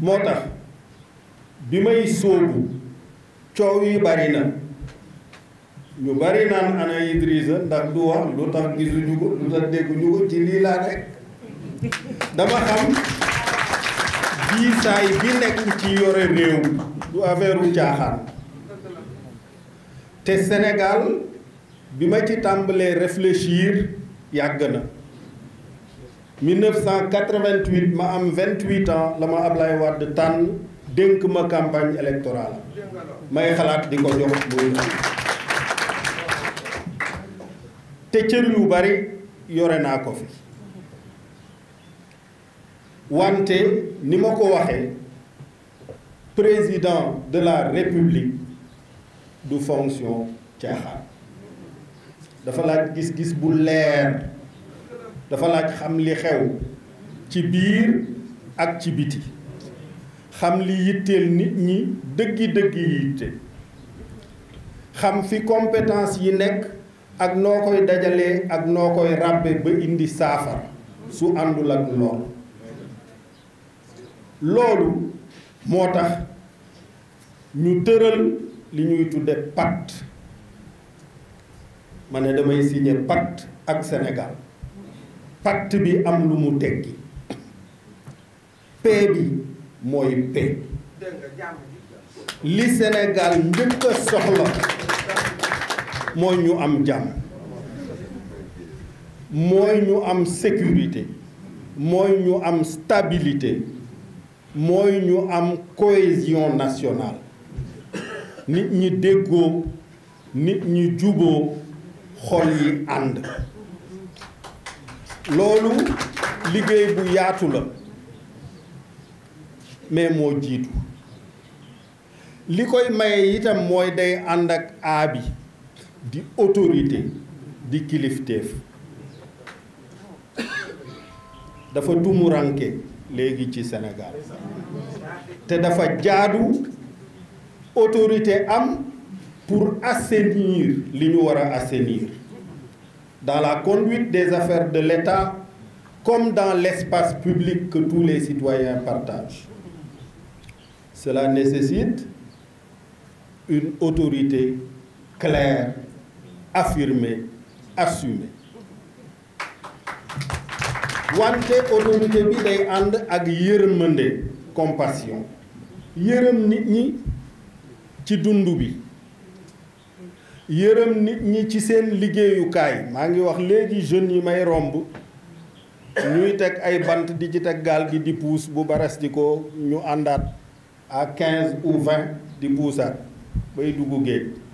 moo tax bi may sóobu coow yi bari na ñu bari naan ana Idrissa ndax du wax lu tax gisuñu ko lu tax dégguñu ko ci lii laa rek dama xam diisaay bi nekk ci yore réew du affaire u caaxaan te Sénégal bi ma ci tàmbalee réfléchir yàgg na 1988 ma am 28 ans la ma Ablaye Wade tànn dénk ma campagne électorale may xalaat di ko jox muy te cër yu bari yore naa ko fi wante ni ma ko waxee président de la république du fonction caaxaan dafa laaj gis-gis bu leer dafa laaj xam li xew ci biir ak ci biti xam li yitteel nit ñi dëggi-dëggi yitte xam fi competence yi nekk ak noo koy dajalee ak noo koy ràbbe ba indi saafara su àndul ak lool loolu moo tax ñu tëral li ñuy tudde pacte ma ne damay signer pat ak Sénégal pacte bi am lu mu tekki paix bi mooy paix li Sénégal njëkk a soxla mooy ñu am jàmm mooy ñu am sécurité mooy ñu am stabilité mooy ñu am cohésion nationale nit ñi déggoo nit ñi juboo xol yi ànd loolu liggéey bu yaatu la mais moo jiitu li koy maye itam mooy day ànd ak aabi di autorité di kilifteef dafa tumuranke léegi ci Sénégal te dafa jaadu autorité am pour assainir li ñu war a assainir dans la conduite des affaires de l'État comme dans l'espace public que tous les citoyens partagent. Cela nécessite une autorité claire, affirmée, assumée. wante autorité bi day ànd ak yërmande compassion yërëm nit ñi ci dund bi yërëm nit ñi ci seen liggéeyukaay maa ngi wax léegi jeunes yi may romb ñuy teg ay bant di ci teg gaal gi di puus bu baras di ko ñu àndaat à quinze ou vingt di puusaat bay dugg géej